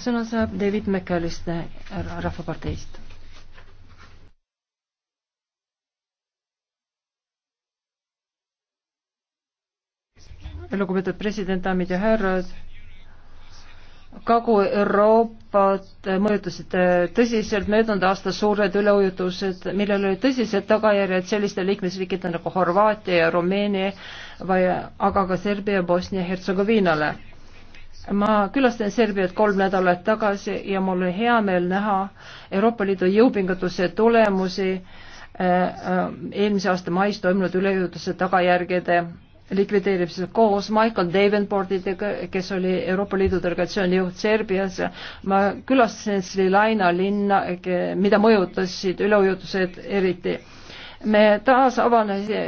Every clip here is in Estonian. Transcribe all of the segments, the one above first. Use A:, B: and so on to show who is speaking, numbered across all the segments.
A: sõna saab David McAllister Rahvaparteist. lugupeetud president, daamid ja härrad Kagu-Euroopat mõjutasid äh, tõsiselt möödunud aasta suured üleujutused, millel olid tõsised tagajärjed selliste liikmesriikide nagu Horvaatia ja Rumeenia või aga ka Serbia ja Bosnia-Hertsegoviinale ma külastasin Serbiat kolm nädalat tagasi ja mul oli hea meel näha Euroopa Liidu jõupingutuse tulemusi äh, äh, eelmise aasta mais toimunud üleujutuse tagajärgede likvideerimisel koos Michael Davenportidega, kes oli Euroopa Liidu delegatsiooni juht Serbias. ma külastasin Svilajna linna, mida mõjutasid üleujutused eriti me taas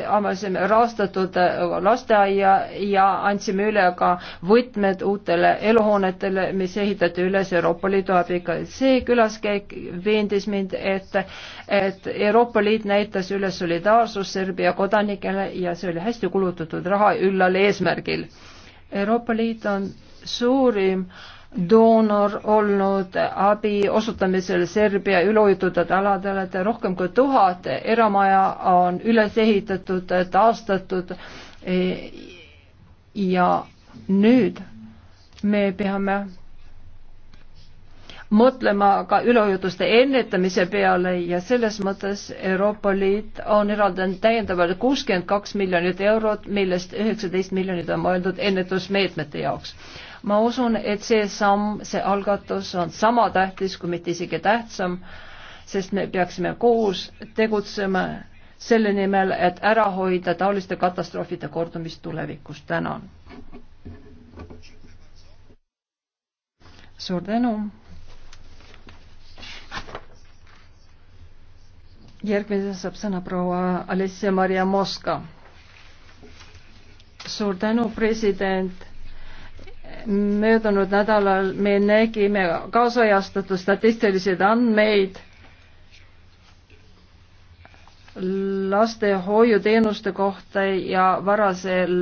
A: avasime rahastatud äh, lasteaia ja andsime üle ka võtmed uutele eluhoonetele, mis ehitati üles Euroopa Liidu abiga. see külaskäik veendis mind, et, et Euroopa Liit näitas üles solidaarsust Serbia kodanikele ja see oli hästi kulutatud raha üllal eesmärgil. Euroopa Liit on suurim äh, doonor olnud abi osutamisel Serbia üleujutatud aladele, et rohkem kui tuhat eramaja on üles ehitatud, taastatud e, ja nüüd me peame mõtlema ka üleujutuste ennetamise peale ja selles mõttes Euroopa Liit on eraldanud täiendavalt kuuskümmend kaks miljonit eurot, millest üheksateist miljonit on mõeldud ennetusmeetmete jaoks ma usun, et see samm, see algatus on sama tähtis, kui mitte isegi tähtsam, sest me peaksime koos tegutsema selle nimel, et ära hoida taoliste katastroofide kordumist tulevikus. tänan. suur tänu. järgmisena saab sõna proua Alessia Maria Moska. suur tänu, president möödunud nädalal me nägime kaasajastatud statistilised andmeid lastehoiuteenuste kohta ja varasel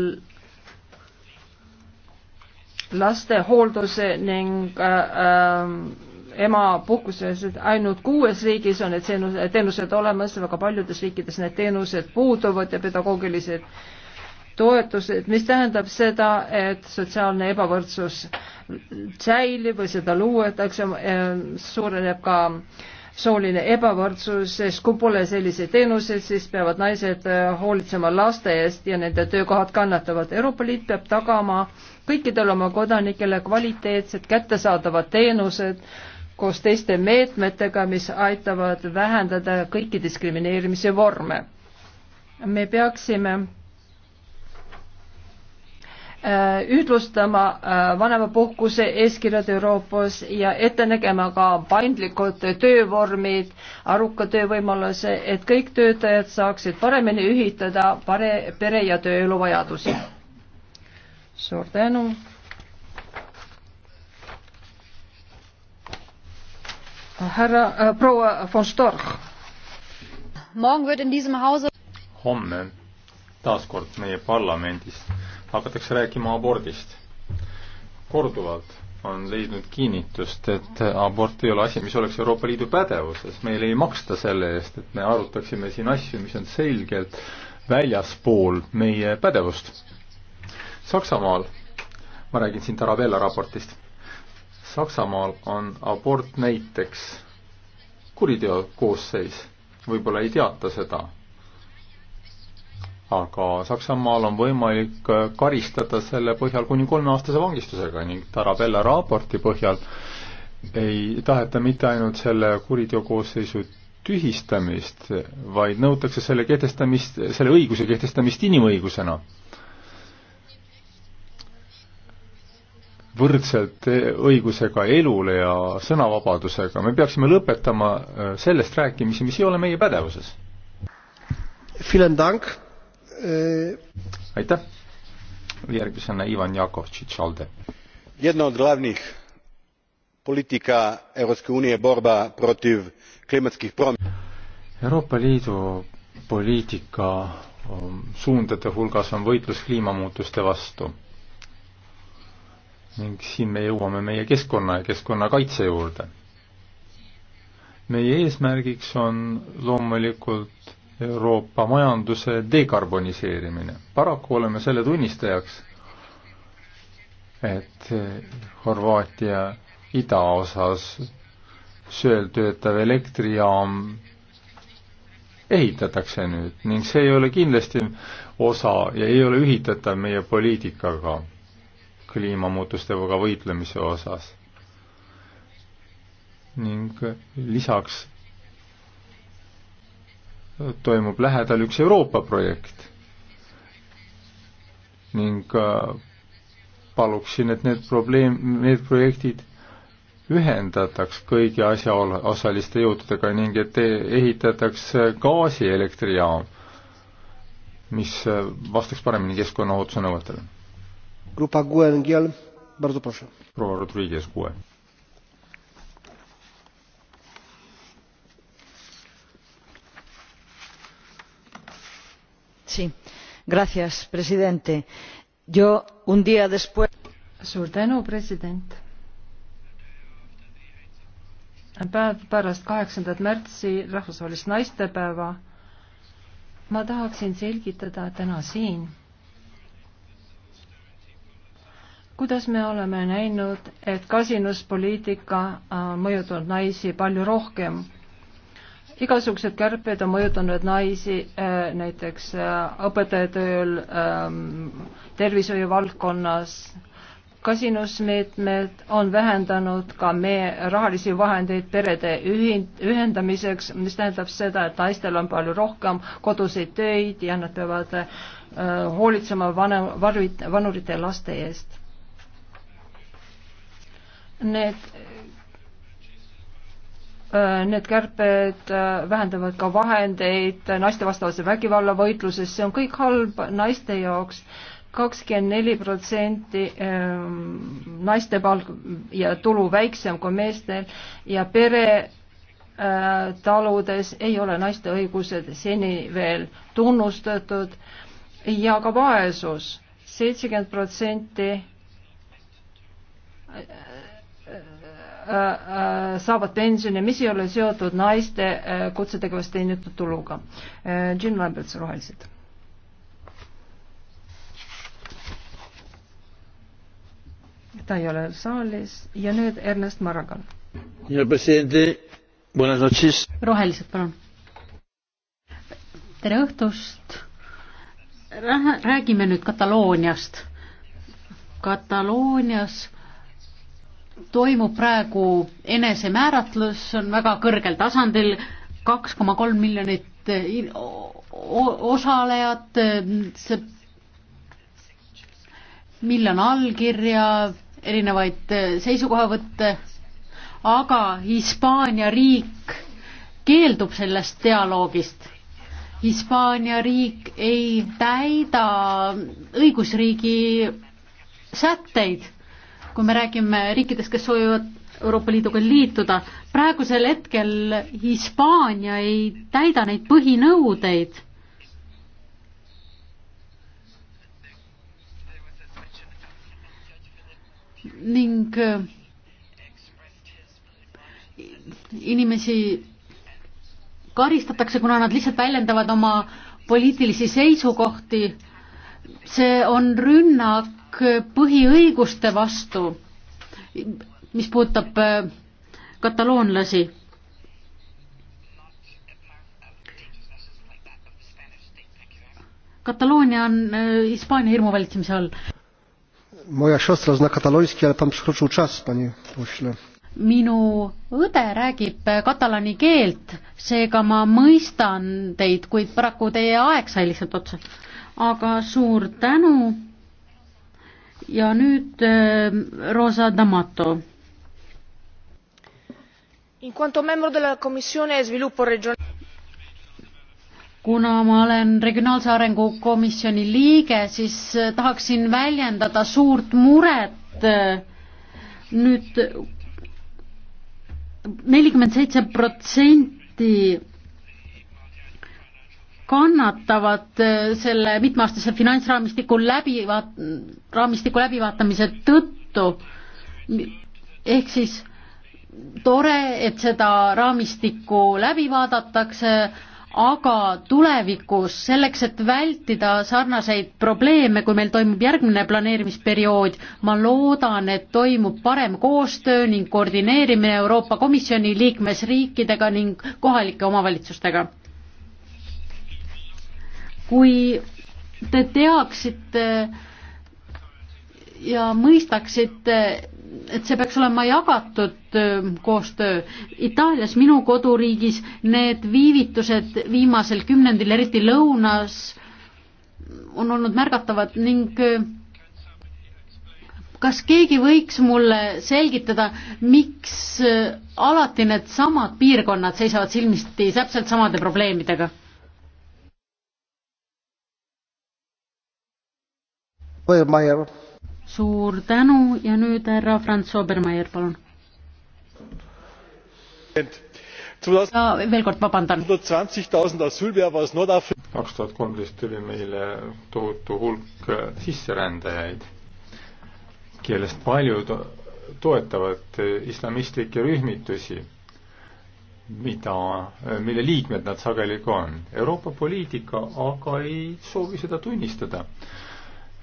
A: lastehoolduse ning äh, äh, emapuhkuses, et ainult kuues riigis on need teenused olemas, väga paljudes riikides need teenused puuduvad ja pedagoogilised äh, toetused, mis tähendab seda, et sotsiaalne ebavõrdsus säilib või seda luuetakse, eh, suureneb ka sooline ebavõrdsus, sest kui pole selliseid teenuseid, siis peavad naised eh, hoolitsema laste eest ja nende töökohad kannatavad. Euroopa Liit peab tagama kõikidele oma kodanikele kvaliteetsed kättesaadavad teenused koos teiste meetmetega, mis aitavad vähendada kõiki diskrimineerimise vorme. me peaksime Äh, ühtlustama äh, vanemapuhkuse eeskirjad Euroopas ja ette nägema ka paindlikud töövormid, aruka töövõimaluse, et kõik töötajad saaksid paremini ühitada pare, pere- ja tööelu vajadusi. suur tänu. härra äh,, proua von Storch. homme taas kord
B: meie parlamendis hakatakse rääkima abordist. korduvalt on leidnud kinnitust, et abort ei ole asi, mis oleks Euroopa Liidu pädevuses, meile ei maksta selle eest, et me arutaksime siin asju, mis on selgelt väljaspool meie pädevust. Saksamaal, ma räägin siin Tarabella raportist, Saksamaal on abort näiteks kuriteo koosseis, võib-olla ei teata seda aga Saksamaal on võimalik äh, karistada selle põhjal kuni kolmeaastase vangistusega ning Tarabella raporti põhjal ei taheta mitte ainult selle kuriteokoosseisu tühistamist, vaid nõutakse selle kehtestamist, selle õiguse kehtestamist inimõigusena. võrdselt õigusega elule ja sõnavabadusega, me peaksime lõpetama äh, sellest rääkimise, mis ei ole meie pädevuses. Vielen Dank aitäh. järgmisena Ivan Jakovtšitš, ALDE. jedna od glavnih
C: politika Europske unije borba protiv klimatskih prom-.
B: Euroopa Liidu poliitika um, suundade hulgas on võitlus kliimamuutuste vastu. ning siin me jõuame meie keskkonna ja keskkonnakaitse juurde. meie eesmärgiks on loomulikult Euroopa majanduse dekarboniseerimine. paraku oleme selle tunnistajaks, et Horvaatia idaosas söel töötav elektrijaam ehitatakse nüüd ning see ei ole kindlasti osa ja ei ole ühitatav meie poliitikaga kliimamuutustega võitlemise osas. ning lisaks toimub lähedal üks Euroopa projekt ning äh, paluksin, et need probleem, need projektid ühendataks kõigi asjaosaliste jõududega ning et e-, ehitataks äh, gaasielektrijaam, mis äh, vastaks paremini keskkonnaohutuse nõuetele. proua Rodriguez, kuue.
D: señor
A: presidente yo un día después. suur tänu president päev pärast kaheksandat märtsi rahvusvahelist naistepäeva ma tahaksin selgitada täna siin kuidas me oleme näinud et kasinuspoliitika on äh, mõjutanud naisi palju rohkem igasugused kärped on mõjutanud naisi äh, näiteks äh, õpetajatööl, ähm, tervishoiu valdkonnas, kasinusmeetmed on vähendanud ka meie rahalisi vahendeid perede ühind, ühendamiseks, mis tähendab seda, et naistel on palju rohkem koduseid töid ja nad peavad äh, hoolitsema vanem, varvit, vanurite laste eest. Need Äh, need kärped äh, vähendavad ka vahendeid naistevastase vägivalla võitluses, see on kõik halb naiste jaoks. kakskümmend neli protsenti ähm, naiste palk ja tulu väiksem kui meestel ja pere äh, taludes ei ole naiste õigused seni veel tunnustatud ja ka vaesus, seitsekümmend protsenti Äh, äh, saavad pensioni, mis ei ole seotud naiste äh, kutsetegevust teenitud tuluga. Jim Lamberts, Rohelised. ta ei ole saalis ja nüüd Ernest Marragan. rohelised,
D: palun. tere õhtust. räägime nüüd Katalooniast. Kataloonias toimub praegu enesemääratlus, on väga kõrgel tasandil, kaks koma kolm miljonit eh, osalejat, eh, see miljon allkirja, erinevaid eh, seisukohavõtte, aga Hispaania riik keeldub sellest dialoogist. Hispaania riik ei täida õigusriigi sätteid kui me räägime riikidest, kes soovivad Euroopa Liiduga liituda, praegusel hetkel Hispaania ei täida neid põhinõudeid ning äh, inimesi karistatakse, kuna nad lihtsalt väljendavad oma poliitilisi seisukohti. see on rünnak Äh, põhiõiguste vastu, mis puudutab äh, kataloonlasi. Kataloonia on äh, Hispaania hirmuvalitsemise all.
C: Moja siostra zna kataloński, ale pan przekroczył czas, panie pośle
D: minu õde räägib katalani keelt, seega ma mõistan teid, kuid paraku teie aeg sai lihtsalt otsa. aga suur tänu ja nüüd ähm, Rosa D'Amato.
A: In quanto membro della Commissione Sviluppo
D: Regionale kuna ma olen Regionaalse Arengu Komisjoni liige, siis äh, tahaksin väljendada suurt muret äh, nüüd äh, nelikümmend seitse protsenti kannatavad äh, selle mitmeaastase finantsraamistiku läbi, raamistiku läbivaatamise tõttu. ehk siis tore, et seda raamistikku läbi vaadatakse, aga tulevikus selleks, et vältida sarnaseid probleeme, kui meil toimub järgmine planeerimisperiood, ma loodan, et toimub parem koostöö ning koordineerimine Euroopa Komisjoni liikmesriikidega ning kohalike omavalitsustega kui te teaksite ja mõistaksite, et see peaks olema jagatud koostöö. Itaalias, minu koduriigis, need viivitused viimasel kümnendil, eriti lõunas, on olnud märgatavad ning kas keegi võiks mulle selgitada, miks alati needsamad piirkonnad seisavad silmisti täpselt samade probleemidega? Obermeier. suur tänu ja nüüd härra Franz Obermeier, palun. ja veel kord vabandan.
B: kaks tuhat kolmteist tuli meile tohutu hulk äh, sisserändajaid, kellest paljud toetavad äh, islamistlikke rühmitusi mida, äh, mille liikmed nad sageli ka on. Euroopa poliitika aga ei soovi seda tunnistada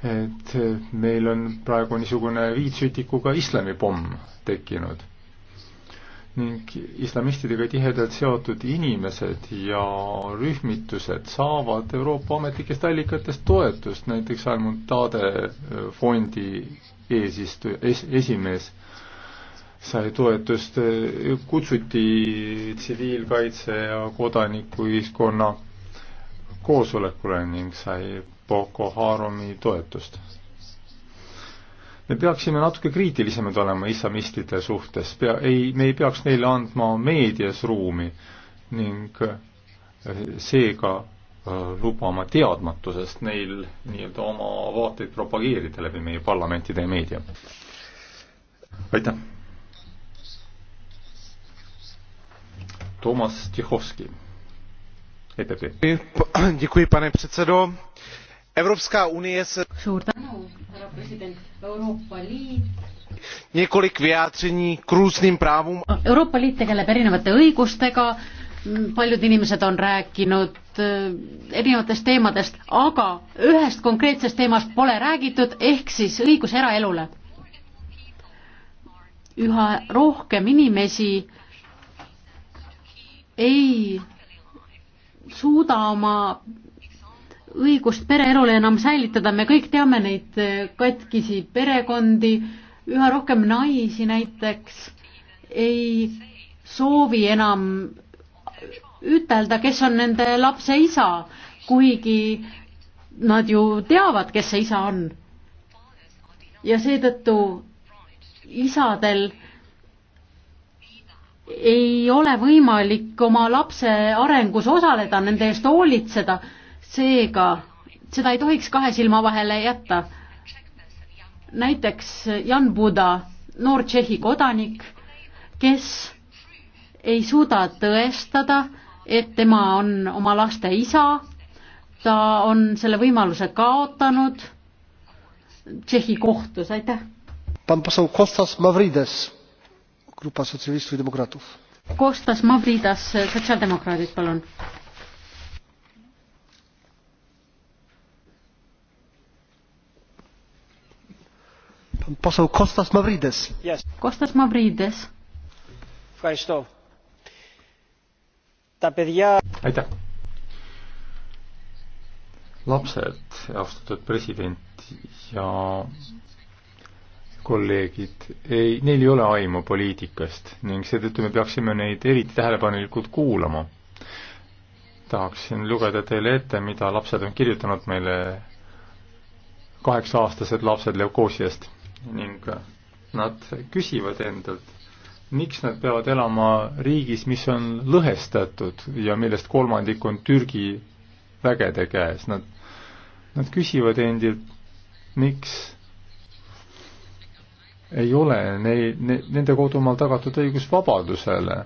B: et meil on praegu niisugune viitsütikuga islamipomm tekkinud ning islamistidega tihedalt seotud inimesed ja rühmitused saavad Euroopa ametlikest allikatest toetust, näiteks Almond Tade äh, fondi eesistuja es,, esimees sai toetust, äh, kutsuti tsiviilkaitse ja kodanikuühiskonna koosolekule ning sai Boko Harami toetust. me peaksime natuke kriitilisemad olema islamistide suhtes, pea, ei, me ei peaks neile andma meedias ruumi ning eh, seega eh, lubama teadmatusest neil nii-öelda oma vaateid propageerida läbi meie parlamentide ja meedia. aitäh! Tomas Tšehhovski,
C: EPP. Děkuji, pane předsedo Evropská unie se... Suur
D: tänu, härra president. Euroopa Liit
C: několik vyjádření k různým právům.
D: Euroopa Liit tegeleb erinevate õigustega, paljud inimesed on rääkinud eh, erinevatest teemadest, aga ühest konkreetsest teemast pole räägitud, ehk siis õigus eraelule. üha rohkem inimesi ei suuda oma õigust pereelule enam säilitada, me kõik teame neid eh, katkisi perekondi, üha rohkem naisi näiteks ei soovi enam ütelda, kes on nende lapse isa, kuigi nad ju teavad, kes see isa on. ja seetõttu isadel ei ole võimalik oma lapse arengus osaleda, nende eest hoolitseda seega seda ei tohiks kahe silma vahele jätta. näiteks Jan Buda, noor Tšehhi kodanik, kes ei suuda tõestada, et tema on oma laste isa, ta on selle võimaluse kaotanud Tšehhi kohtus, aitäh.
C: Kostas Mavrides, Grupa Sotsialistid ja Demokraatid.
D: Kostas Mavridas, sotsiaaldemokraadid, palun
C: poseł Kostas Mavrides.
D: Yes. Kostas Mavrides. Ευχαριστώ. Τα παιδιά... Aitäh.
B: lapsed, austatud president ja kolleegid, ei, neil ei ole aimu poliitikast ning seetõttu me peaksime neid eriti tähelepanelikult kuulama. tahaksin lugeda teile ette, mida lapsed on kirjutanud meile, kaheksa-aastased lapsed leukoosiast ning nad küsivad endalt, miks nad peavad elama riigis, mis on lõhestatud ja millest kolmandik on Türgi vägede käes, nad, nad küsivad endilt, miks ei ole neil ne,, nende kodumaal tagatud õigus vabadusele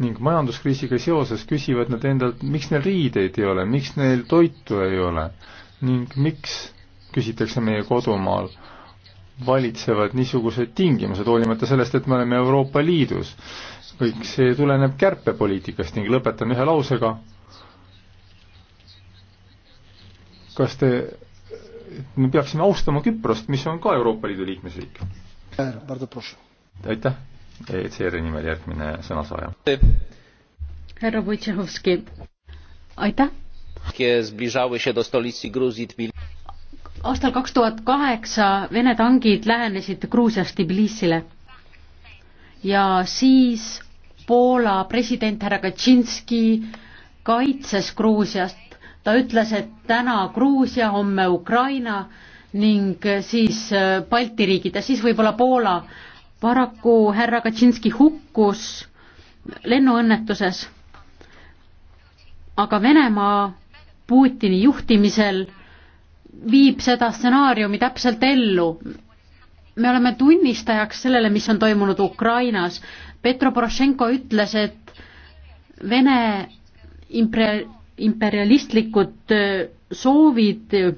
B: ning majanduskriisiga seoses küsivad nad endalt, miks neil riideid ei ole, miks neil toitu ei ole ning miks, küsitakse meie kodumaal, valitsevad niisugused tingimused, hoolimata sellest, et me oleme Euroopa Liidus. kõik see tuleneb kärpepoliitikast ning lõpetan ühe lausega. kas te, me peaksime austama Küprost, mis on ka Euroopa Liidu liikmesriik? aitäh, ECR-i nimel järgmine sõnasaaja.
D: härra Vojtšehovski, aitäh.
C: zbližały się do stolicy Gruzji Tbilisi
D: aastal kaks tuhat kaheksa Vene tangid lähenesid Gruusias Tbilisile ja siis Poola president härra Kaczynski kaitses Gruusiast. ta ütles, et täna Gruusia, homme Ukraina ning siis äh, Balti riigid ja siis võib-olla Poola. paraku härra Kaczynski hukkus lennuõnnetuses. aga Venemaa Putini juhtimisel viib seda stsenaariumi täpselt ellu. me oleme tunnistajaks sellele, mis on toimunud Ukrainas. Petro Porošenko ütles, et Vene impre-, imperialistlikud äh, soovid äh,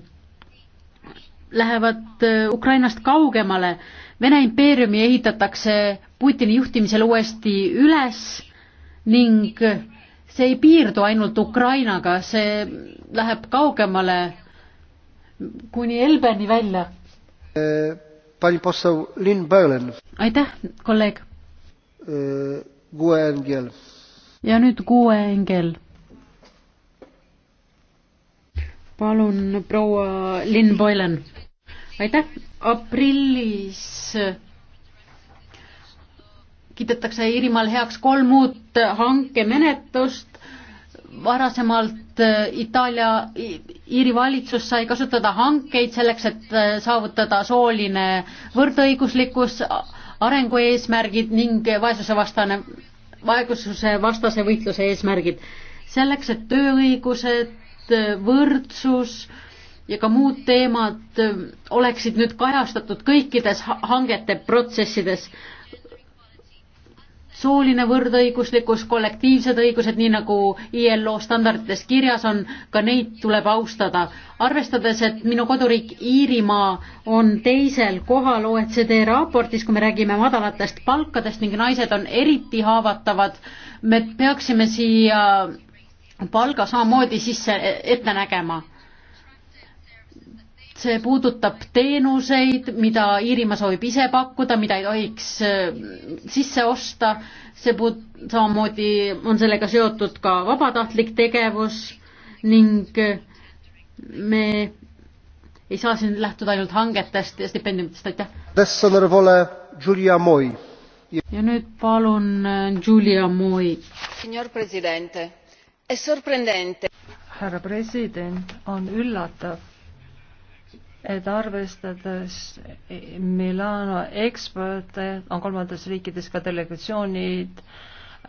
D: lähevad äh, Ukrainast kaugemale. Vene impeeriumi ehitatakse Putini juhtimisel uuesti üles ning see ei piirdu ainult Ukrainaga, see läheb kaugemale kuni Elbeni välja. aitäh, kolleeg. ja nüüd Kuue Engel. palun, proua Lynn Boylan. aitäh, aprillis kiidetakse Iirimaal heaks kolm uut hankemenetlust varasemalt äh, Itaalia, Iiri valitsus sai kasutada hankeid selleks, et äh, saavutada sooline võrdõiguslikkus, arengueesmärgid ning vaesusevastane, vaesusevastase võitluse eesmärgid. selleks, et tööõigused, äh, võrdsus ja ka muud teemad oleksid nüüd kajastatud kõikides hangete protsessides sooline võrdõiguslikkus, kollektiivsed õigused, nii nagu ILO standardites kirjas on, ka neid tuleb austada. arvestades, et minu koduriik Iirimaa on teisel kohal OECD raportis, kui me räägime madalatest palkadest ning naised on eriti haavatavad, me peaksime siia palga samamoodi sisse ette nägema see puudutab teenuseid, mida Iirimaa soovib ise pakkuda, mida ei tohiks äh, sisse osta, see puud-, samamoodi on sellega seotud ka vabatahtlik tegevus ning äh, me ei saa siin lähtuda ainult hangetest ja stipendiumitest,
C: aitäh.
D: ja nüüd palun Julia äh, Moi. härra president, on üllatav
A: et arvestades Milano eksperte, on kolmandates riikides ka delegatsioonid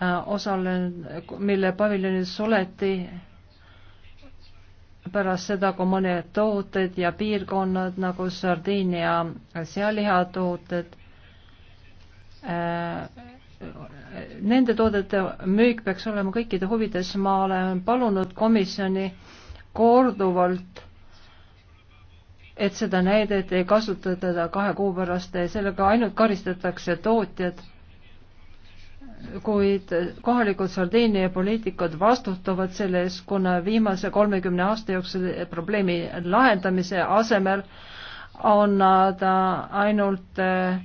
A: äh, osalenud, mille paviljonid suleti pärast seda, kui mõned tooted ja piirkonnad nagu sardiinia sealihatooted äh, nende toodete müük peaks olema kõikide huvides, ma olen palunud komisjoni korduvalt et seda näidet ei kasutata kahe kuu pärast, sellega ainult karistatakse tootjad, kuid kohalikud Sardiinia poliitikud vastutavad selle eest, kuna viimase kolmekümne aasta jooksul probleemi lahendamise asemel on nad ainult eh,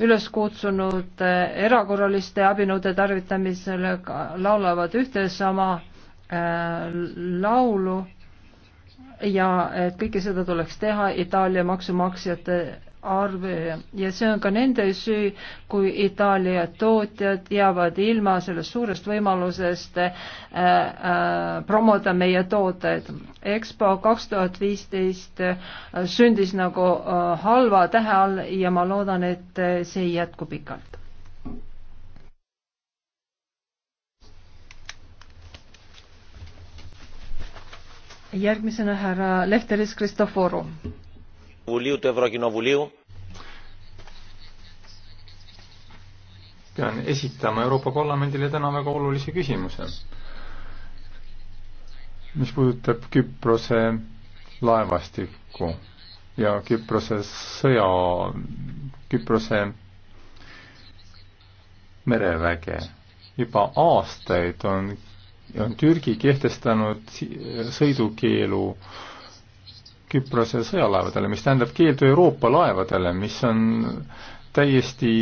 A: üles kutsunud eh, erakorraliste abinõude tarvitamisele, laulavad ühte sama eh, laulu ja et kõike seda tuleks teha Itaalia maksumaksjate arve ja see on ka nende süü, kui Itaalia tootjad jäävad ilma sellest suurest võimalusest äh, äh, promoda meie tooteid. EXPO kaks tuhat viisteist äh, sündis nagu äh, halva tähe all ja ma loodan, et see jätkub pikalt. järgmisena härra Lehteris Kristoforu.
B: pean esitama Euroopa Parlamendile täna väga olulise küsimuse, mis puudutab Küprose laevastikku ja Küprose sõja, Küprose mereväge. juba aastaid on on Türgi kehtestanud sõidukeelu Küprose sõjalaevadele, mis tähendab keeldu Euroopa laevadele, mis on täiesti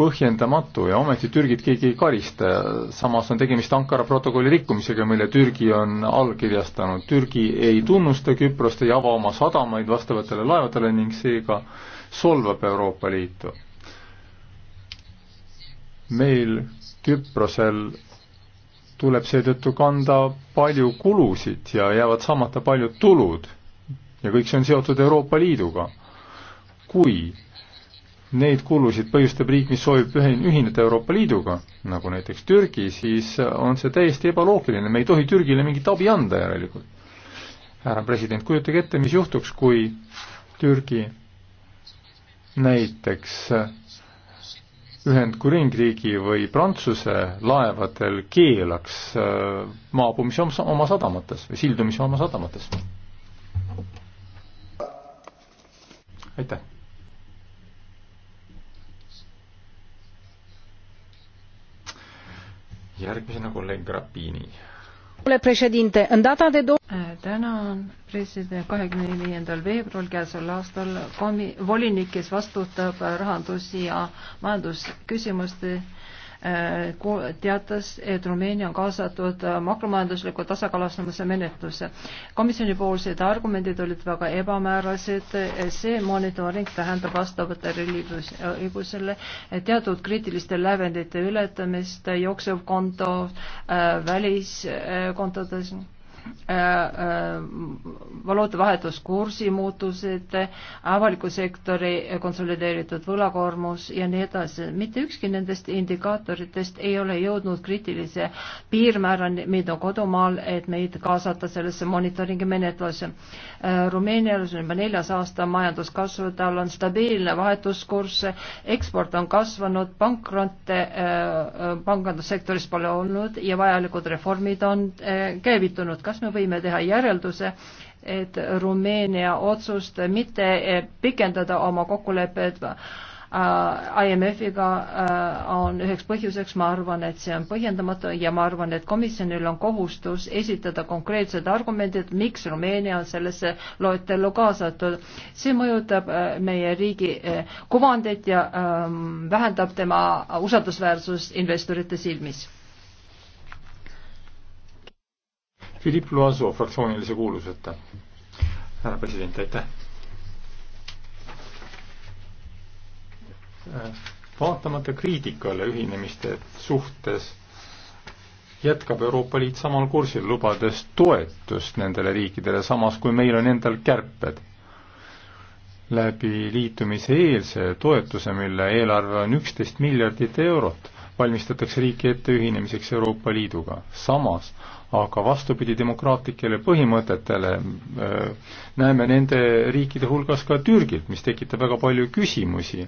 B: põhjendamatu ja ometi Türgit keegi ei karista, samas on tegemist Ankara protokolli rikkumisega, mille Türgi on allkirjastanud. Türgi ei tunnusta Küprost, ei ava oma sadamaid vastavatele laevadele ning seega solvab Euroopa Liitu. meil Küprosel tuleb seetõttu kanda palju kulusid ja jäävad saamata paljud tulud. ja kõik see on seotud Euroopa Liiduga. kui neid kulusid põhjustab riik, mis soovib ühineda Euroopa Liiduga, nagu näiteks Türgi, siis on see täiesti ebaloogiline, me ei tohi Türgile mingit abi anda järelikult. härra president, kujutage ette, mis juhtuks, kui Türgi näiteks Ühendkuningriigi või Prantsuse laevadel keelaks äh, maabumise oma sadamates või sildumise oma sadamates? aitäh. järgmisena kolleeg Grappini
A: Eh, täna on president kahekümne viiendal veebruaril käesoleval aastal komi-, volinik, kes vastutab rahandus- ja majandusküsimuste Äh, teatas, et Rumeenia on kaasatud äh, makromajandusliku tasakaalustamise menetlusse. komisjonipoolsed argumendid olid väga ebamäärased, see monitooring tähendab vastavate õigusele äh, teatud kriitiliste lävendite ületamist jooksev konto väliskontodes Äh, äh, valuutavahetuskursi muutused, avaliku sektori konsolideeritud võlakoormus ja nii edasi. mitte ükski nendest indikaatoritest ei ole jõudnud kriitilise piirmäärani, mida kodumaal, et meid kaasata sellesse monitoringi menetlusse. Äh, Rumeenial on juba neljas aasta majanduskasvu, tal on stabiilne vahetuskurss, eksport on kasvanud, pankrotte pangandussektoris pole olnud ja vajalikud reformid on käivitunud. kas kas me võime teha järelduse, et Rumeenia otsust mitte pikendada oma kokkulepet äh, IMF-iga äh, on üheks põhjuseks, ma arvan, et see on põhjendamatu ja ma arvan, et komisjonil on kohustus esitada konkreetsed argumendid, miks Rumeenia on sellesse loetellu kaasatud. see mõjutab äh, meie riigi kuvandit ja ähm, vähendab tema usaldusväärsust investorite silmis
B: Philippe Loiseau fraktsioonilise kuuluseta. härra president, aitäh. vaatamata kriitikale ühinemiste suhtes jätkab Euroopa Liit samal kursil, lubades toetust nendele riikidele, samas kui meil on endal kärped. läbi liitumise eelse toetuse, mille eelarve on üksteist miljardit eurot, valmistatakse riiki ette ühinemiseks Euroopa Liiduga. samas aga vastupidi demokraatlikele põhimõtetele näeme nende riikide hulgas ka Türgilt, mis tekitab väga palju küsimusi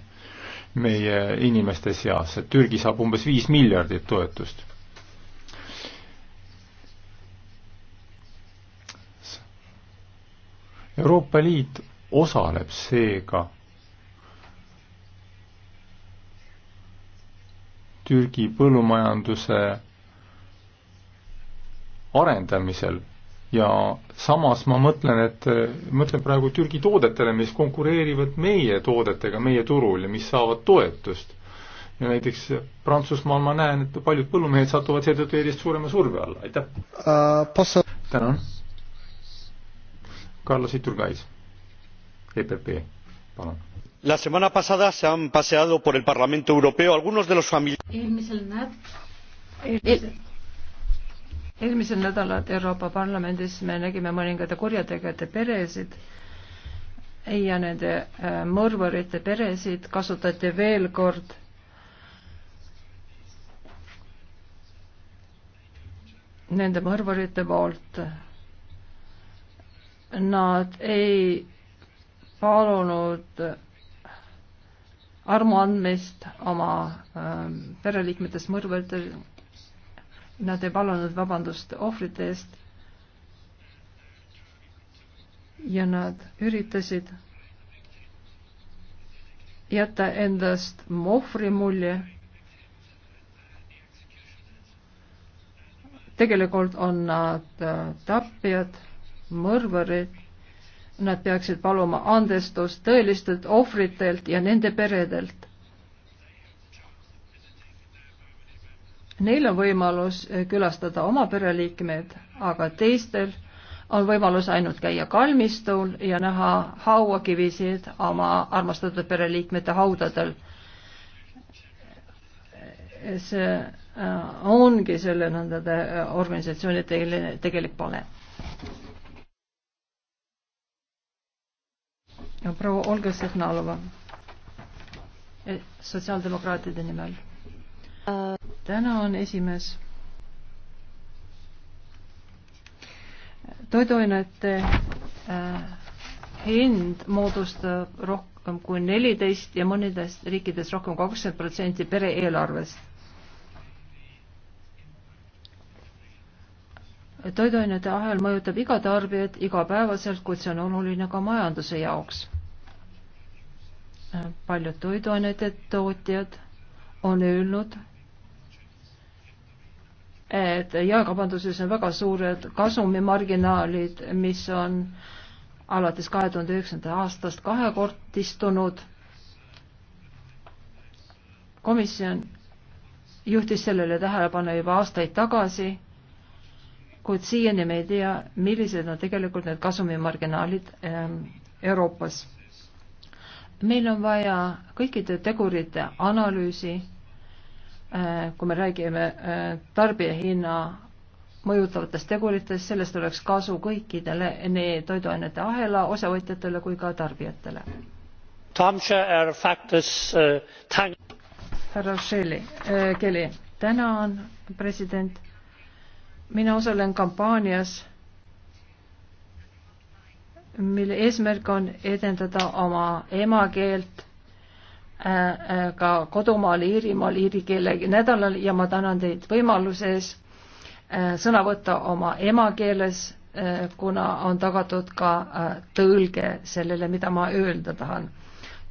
B: meie inimeste seas, et Türgi saab umbes viis miljardit toetust Euroopa Liit osaleb seega Türgi põllumajanduse arendamisel ja samas ma mõtlen, et mõtlen praegu Türgi toodetele, mis konkureerivad meie toodetega meie turul ja mis saavad toetust. ja näiteks Prantsusmaal ma näen, et paljud põllumehed satuvad seetõttu järjest suurema surve alla, aitäh uh,. tänan. Carlos Iturgais,
C: EPP, palun la semana pasada se han paseado por el parlamento europeo algunos de los familiares
D: eelmisel
A: nädalal Euroopa Parlamendis me nägime mõningate kurjategijate peresid ja nende äh, mõrvarite peresid kasutati veel kord nende mõrvarite poolt. Nad ei palunud armuandmist oma ähm, pereliikmetest mõrvatel. Nad ei palunud vabandust ohvrite eest ja nad üritasid jätta endast mohvri mulje. tegelikult on nad äh, tapjad, mõrvarid Nad peaksid paluma andestust tõelistelt ohvritelt ja nende peredelt. Neil on võimalus külastada oma pereliikmed, aga teistel on võimalus ainult käia kalmistul ja näha hauakivisid oma armastatud pereliikmete haudadel. see äh, ongi selle nõndade äh, organisatsiooni tegelik pale proua Olga Sehnalova e, sotsiaaldemokraatide nimel. tänan, esimees. toiduainete e, hind moodustab rohkem kui neliteist ja mõnedes riikides rohkem kui kakskümmend protsenti pere eelarvest. toiduainete ahel mõjutab iga tarbijat igapäevaselt, kuid see on oluline ka majanduse jaoks paljud toiduainete tootjad on öelnud, et jaekaubanduses on väga suured kasumimarginaalid, mis on alates kahe tuhande üheksanda aastast kahekordistunud. komisjon juhtis sellele tähelepanu juba aastaid tagasi, kuid siiani me ei tea, millised on tegelikult need kasumimarginaalid ähm, Euroopas meil on vaja kõikide tegurite analüüsi, äh, kui me räägime äh, tarbijahinna mõjutavatest teguritest, sellest oleks kasu kõikidele nii toiduainete ahela osavõtjatele kui ka tarbijatele. Äh, härra Shelley äh,, Kelly, tänan, president. mina osalen kampaanias mille eesmärk on edendada oma emakeelt äh, äh, ka kodumaal Iirimaal iiri keele nädalal ja ma tänan teid võimaluse ees äh, sõna võtta oma emakeeles, kuna on tagatud ka tõlge sellele, mida ma öelda tahan.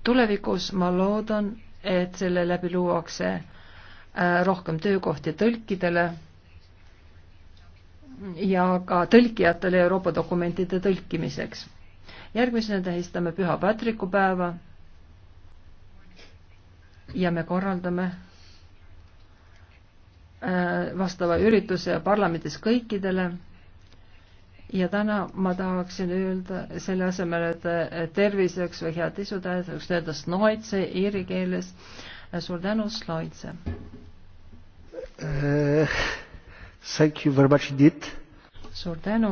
A: tulevikus ma loodan, et selle läbi luuakse rohkem töökohti tõlkidele ja ka tõlkijatele Euroopa dokumentide tõlkimiseks järgmisena tähistame Püha Patriku päeva ja me korraldame äh, vastava ürituse parlamendis kõikidele ja täna ma tahaksin öelda selle asemel, et terviseks või head isutähenduseks öelda snoitse iiri keeles. Äh, suur tänu, snoitse
C: uh,. Äh, thank you very much indeed.
A: suur tänu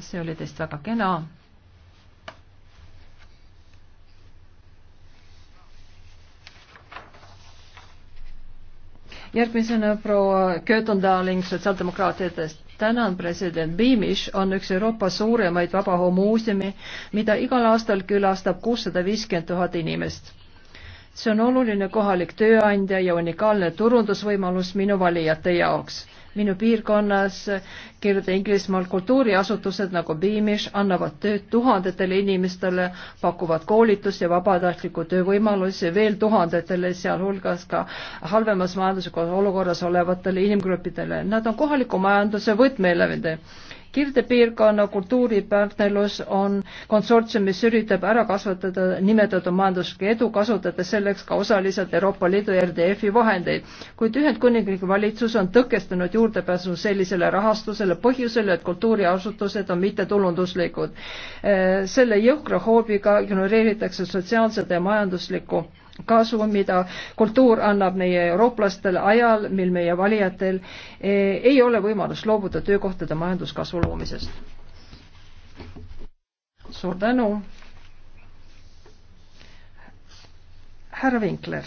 A: see oli teist väga kena. järgmisena proua Köötendaling sotsiaaldemokraatidest. tänan, president Beamish on üks Euroopa suuremaid vabahomuuseumi, mida igal aastal külastab kuussada viiskümmend tuhat inimest. see on oluline kohalik tööandja ja unikaalne turundusvõimalus minu valijate jaoks minu piirkonnas, kirjutada Inglismaal kultuuriasutused nagu Beamish annavad tööd tuhandetele inimestele, pakuvad koolitust ja vabatahtliku töö võimalusi veel tuhandetele, sealhulgas ka halvemas majanduslikus olukorras olevatele inimgruppidele. Nad on kohaliku majanduse võtmeelemente kirdepiirkonna kultuuripartnerlus on konsortsium, mis üritab ära kasvatada nimetatud majanduslikku edu, kasutades selleks ka osaliselt Euroopa Liidu RDF-i vahendeid. kuid Ühendkuningriigi valitsus on tõkestanud juurdepääsu sellisele rahastusele põhjusel, et kultuuriasutused on mittetulunduslikud. selle jõhkra hoobiga ignoreeritakse sotsiaalset ja majanduslikku kasu, mida kultuur annab meie eurooplastele ajal, mil meie valijatel eh, ei ole võimalust loobuda töökohtade majanduskasvu loomisest. suur tänu. härra Vinkler.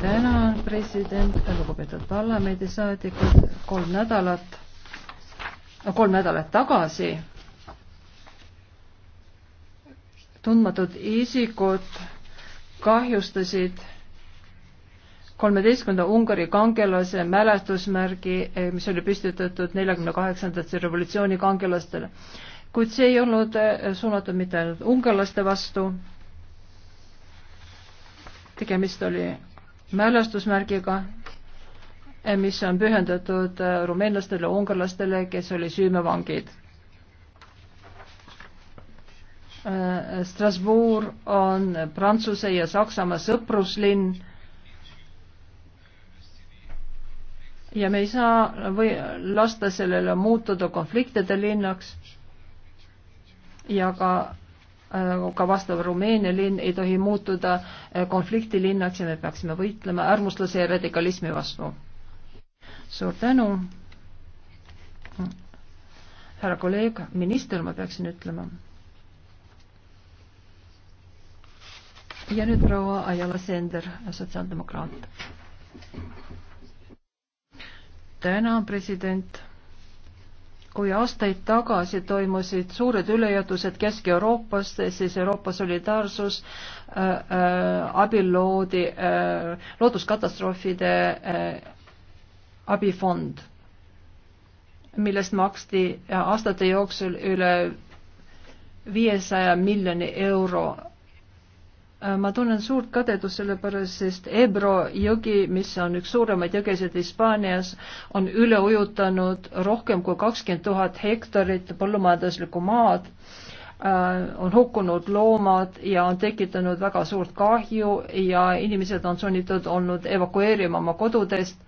A: tänan, president, lugupeetud parlamendisaadikud, kolm nädalat, kolm nädalat tagasi tundmatud isikud kahjustasid kolmeteistkümnenda Ungari kangelase mälestusmärgi, eh, mis oli püstitatud neljakümne kaheksandate revolutsiooni kangelastele. kuid see ei olnud eh, suunatud mitte ainult ungarlaste vastu, tegemist oli mälestusmärgiga, eh, mis on pühendatud rumeenlastele, ungarlastele, kes olid süümevangid Äh, Strasbourg on Prantsuse ja Saksamaa sõpruslinn ja me ei saa või lasta sellele muutuda konfliktide linnaks ja ka, äh, ka vastav Rumeenia linn ei tohi muutuda äh, konfliktilinnaks ja me peaksime võitlema äärmuslase ja radikalismi vastu. suur tänu, härra kolleeg, minister, ma peaksin ütlema ja nüüd proua Ajala Sender, sotsiaaldemokraat. täna president kui aastaid tagasi toimusid suured ülejätused Kesk-Euroopas, siis Euroopa solidaarsus äh, äh, abil loodi äh, looduskatastroofide äh, abifond, millest maksti äh, aastate jooksul üle viiesaja miljoni euro Äh, ma tunnen suurt kadedust selle pärast, sest Ebro jõgi, mis on üks suuremaid jõgesid Hispaanias, on üle ujutanud rohkem kui kakskümmend tuhat hektarit põllumajanduslikku maad, äh, on hukkunud loomad ja on tekitanud väga suurt kahju ja inimesed on sunnitud olnud evakueerima oma kodudest.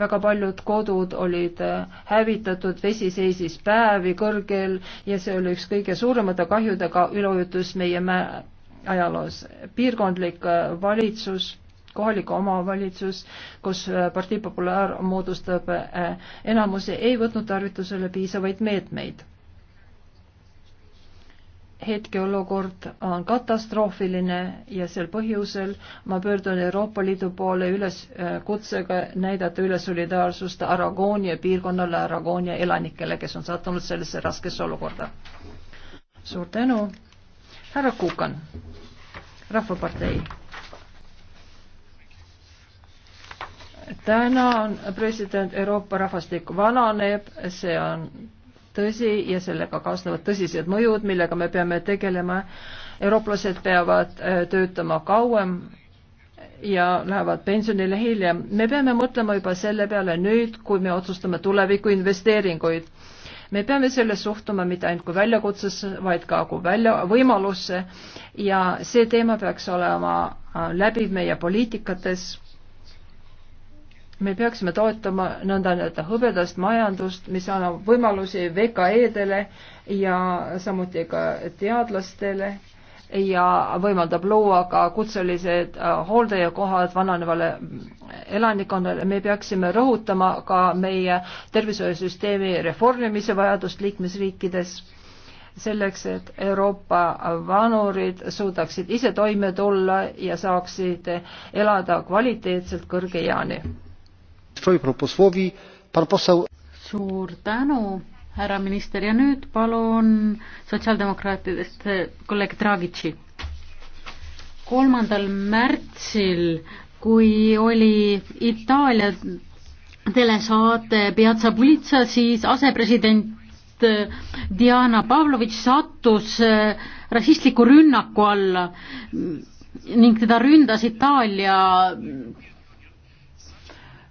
A: väga paljud kodud olid äh, hävitatud, vesi seisis päevi kõrgel ja see oli üks kõige suuremate kahjudega üleujutus meie mäe ajaloos. piirkondlik äh, valitsus, kohalik omavalitsus, kus äh, Partii Populaar moodustab äh, enamuse, ei võtnud tarvitusele piisavaid meetmeid. hetkeolukord on katastroofiline ja sel põhjusel ma pöördun Euroopa Liidu poole üles kutsega näidata üle solidaarsust Aragoonia piirkonnale, Aragoonia elanikele, kes on sattunud sellesse raskesse olukorda. suur tänu härra Kukan, Rahvapartei. täna on president Euroopa rahvastik vananeb, see on tõsi ja sellega kaasnevad tõsised mõjud, millega me peame tegelema. eurooplased peavad äh, töötama kauem ja lähevad pensionile hiljem. me peame mõtlema juba selle peale nüüd, kui me otsustame tuleviku investeeringuid me peame selles suhtuma mitte ainult kui väljakutsesse, vaid ka kui välja, võimalusse ja see teema peaks olema äh, läbiv meie poliitikates. me peaksime toetama nõnda-öelda hõbedast majandust, mis annab võimalusi VKE-dele ja samuti ka teadlastele ja võimaldab luua ka kutselised äh, hooldajakohad vananevale äh, elanikkonnale. me peaksime rõhutama ka meie tervishoiusüsteemi reformimise vajadust liikmesriikides selleks, et Euroopa vanurid suudaksid ise toime tulla ja saaksid elada kvaliteetselt
D: kõrge eani. suur tänu härra minister ja nüüd palun sotsiaaldemokraatidest kolleeg Dragici. kolmandal märtsil, kui oli Itaalia telesaate Piazza Pulitsa, siis asepresident Diana Pavlovitš sattus äh, rassistliku rünnaku alla ning teda ründas Itaalia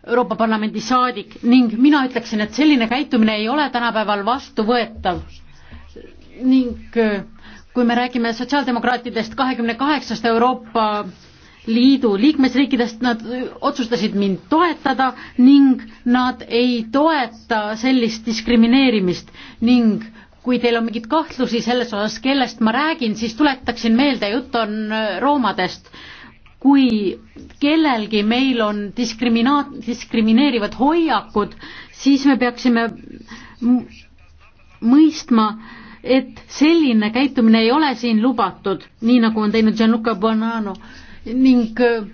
D: Euroopa Parlamendi saadik ning mina ütleksin, et selline käitumine ei ole tänapäeval vastuvõetav. ning äh, kui me räägime sotsiaaldemokraatidest kahekümne kaheksast Euroopa Liidu liikmesriikidest, nad äh, otsustasid mind toetada ning nad ei toeta sellist diskrimineerimist ning kui teil on mingeid kahtlusi selles osas, kellest ma räägin, siis tuletaksin meelde, jutt on äh, roomadest kui kellelgi meil on diskrimina-, diskrimineerivad hoiakud, siis me peaksime mõistma, et selline käitumine ei ole siin lubatud, nii nagu on teinud Gianluca Bonanno ning äh,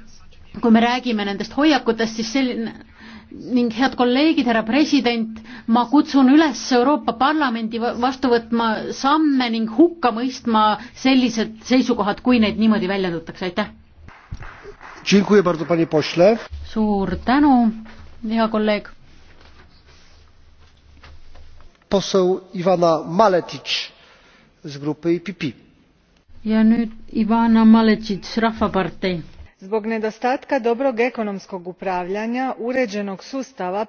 D: kui me räägime nendest hoiakutest, siis selline ning head kolleegid, härra president, ma kutsun üles Euroopa Parlamendi vastu võtma samme ning hukka mõistma sellised seisukohad, kui neid niimoodi väljendatakse, aitäh suur tänu, hea kolleeg. ja nüüd Ivana Maletic, Rahvapartei zbog nedostatka
A: dobrog ekonomskog upravljanja uređenog sustava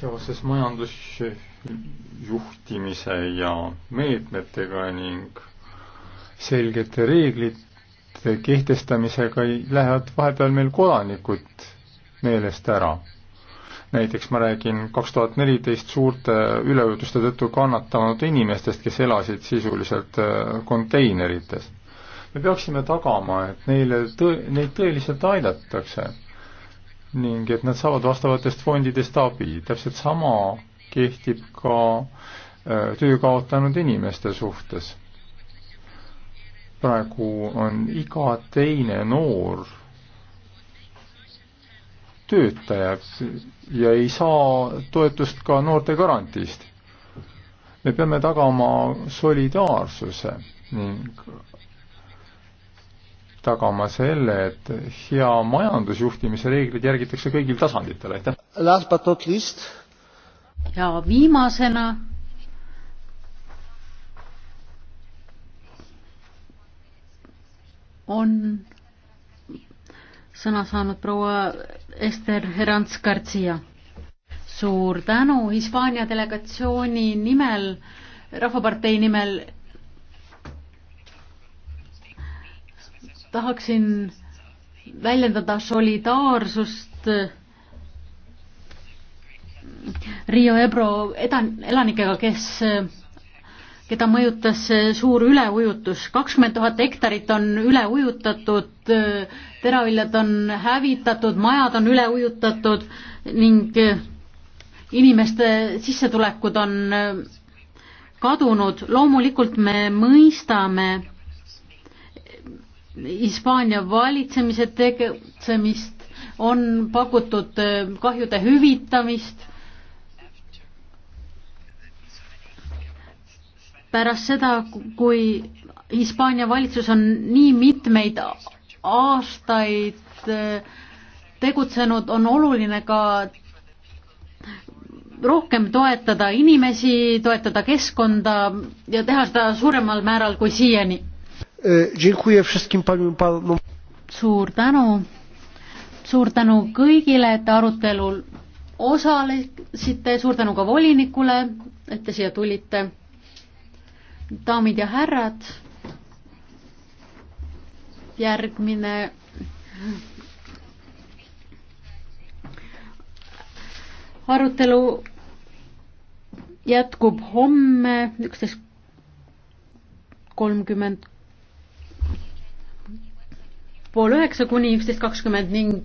B: seoses majandusjuhtimise ja meetmetega ning selgete reeglite kehtestamisega lähevad vahepeal meil kodanikud meelest ära. näiteks ma räägin kaks tuhat neliteist suurte üleujutuste tõttu kannatanud inimestest, kes elasid sisuliselt äh, konteinerites. me peaksime tagama, et neile tõ-, neid tõeliselt aidatakse ning et nad saavad vastavatest fondidest abi, täpselt sama kehtib ka äh, töö kaotanud inimeste suhtes praegu on iga teine noor töötaja ja ei saa toetust ka noortegarantiist. me peame tagama solidaarsuse ning tagama selle, et hea majandusjuhtimise reegleid järgitakse kõigil tasanditel,
D: aitäh! ja viimasena on sõna saanud proua Ester Herants-Garcia. suur tänu Hispaania delegatsiooni nimel, Rahvapartei nimel. tahaksin väljendada solidaarsust Rio Ebro edan-, elanikega, kes keda mõjutas suur üleujutus. kakskümmend tuhat hektarit on üle ujutatud, teraviljad on hävitatud, majad on üle ujutatud ning inimeste sissetulekud on kadunud. loomulikult me mõistame Hispaania valitsemise tegutsemist, on pakutud kahjude hüvitamist pärast seda, kui Hispaania valitsus on nii mitmeid aastaid äh, tegutsenud, on oluline ka rohkem toetada inimesi, toetada keskkonda ja teha seda suuremal määral kui siiani.
C: E,
D: suur tänu, suur tänu kõigile, et arutelul osalesite, suur tänu ka volinikule, et te siia tulite daamid ja härrad, järgmine arutelu jätkub homme üksteist kolmkümmend pool üheksa kuni üksteist kakskümmend ning